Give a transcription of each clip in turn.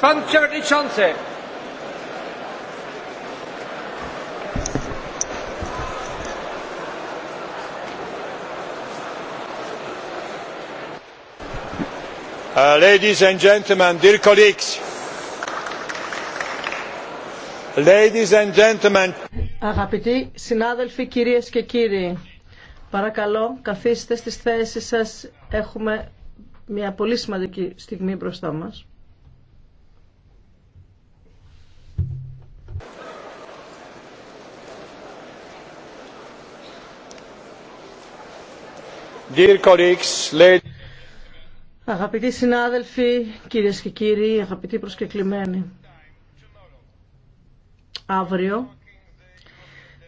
Pan Przewodniczący! Uh, ladies and gentlemen, dear colleagues. Ladies and gentlemen. Αγαπητοί συνάδελφοι, κυρίες και κύριοι, παρακαλώ καθίστε στις θέσεις σας. Έχουμε μια πολύ σημαντική στιγμή μπροστά μας. Αγαπητοί συνάδελφοι, κυρίες και κύριοι, αγαπητοί προσκεκλημένοι, αύριο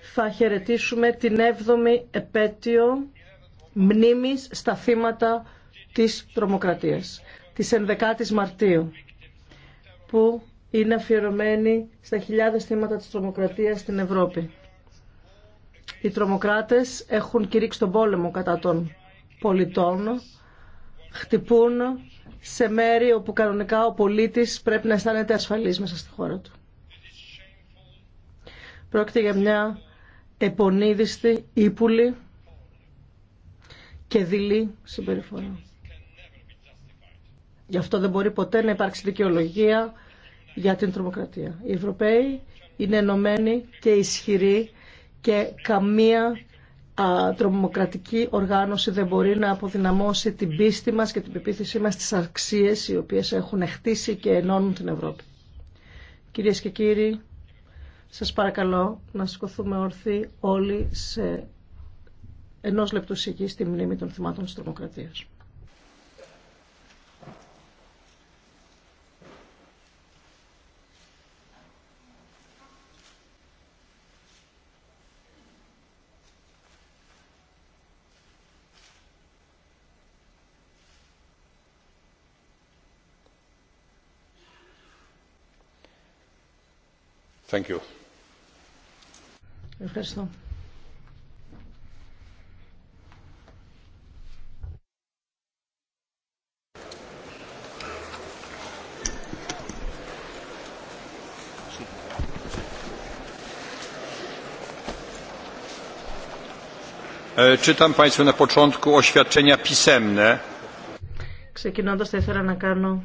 θα χαιρετήσουμε την 7η επέτειο μνήμης στα θύματα της τρομοκρατίας, της 11ης Μαρτίου, που είναι αφιερωμένη στα χιλιάδες θύματα της τρομοκρατίας στην Ευρώπη. Οι τρομοκράτες έχουν κηρύξει τον πόλεμο κατά των πολιτών χτυπούν σε μέρη όπου κανονικά ο πολίτης πρέπει να αισθάνεται ασφαλής μέσα στη χώρα του. Πρόκειται για μια επονίδιστη, ύπουλη και δειλή συμπεριφορά. Γι' αυτό δεν μπορεί ποτέ να υπάρξει δικαιολογία για την τρομοκρατία. Οι Ευρωπαίοι είναι ενωμένοι και ισχυροί και καμία τρομοκρατική οργάνωση δεν μπορεί να αποδυναμώσει την πίστη μας και την πεποίθησή μας στις αξίες οι οποίες έχουν χτίσει και ενώνουν την Ευρώπη. Κυρίες και κύριοι, σας παρακαλώ να σηκωθούμε όρθιοι όλοι σε ενός λεπτού σιγή στη μνήμη των θυμάτων της τρομοκρατίας. Thank you. Ευχαριστώ. Czytam Państwu na początku oświadczenia pisemne. Ξεκινώντας θα ήθελα να κάνω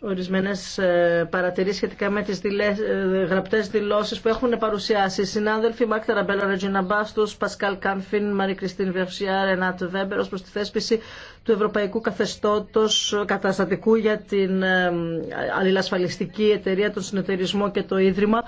Ορισμένε παρατηρήσει σχετικά με τι ε, γραπτέ δηλώσει που έχουν παρουσιάσει οι συνάδελφοι Μάρκ Ταραμπέλα, Ρετζίνα Μπάστος, Πασκάλ Κάνφιν, Μαρή Κριστίν Βευσιά, Ρενάτ Βέμπερ ως προς τη θέσπιση του Ευρωπαϊκού Καθεστώτος Καταστατικού για την ε, αλληλασφαλιστική εταιρεία, τον συνεταιρισμό και το Ίδρυμα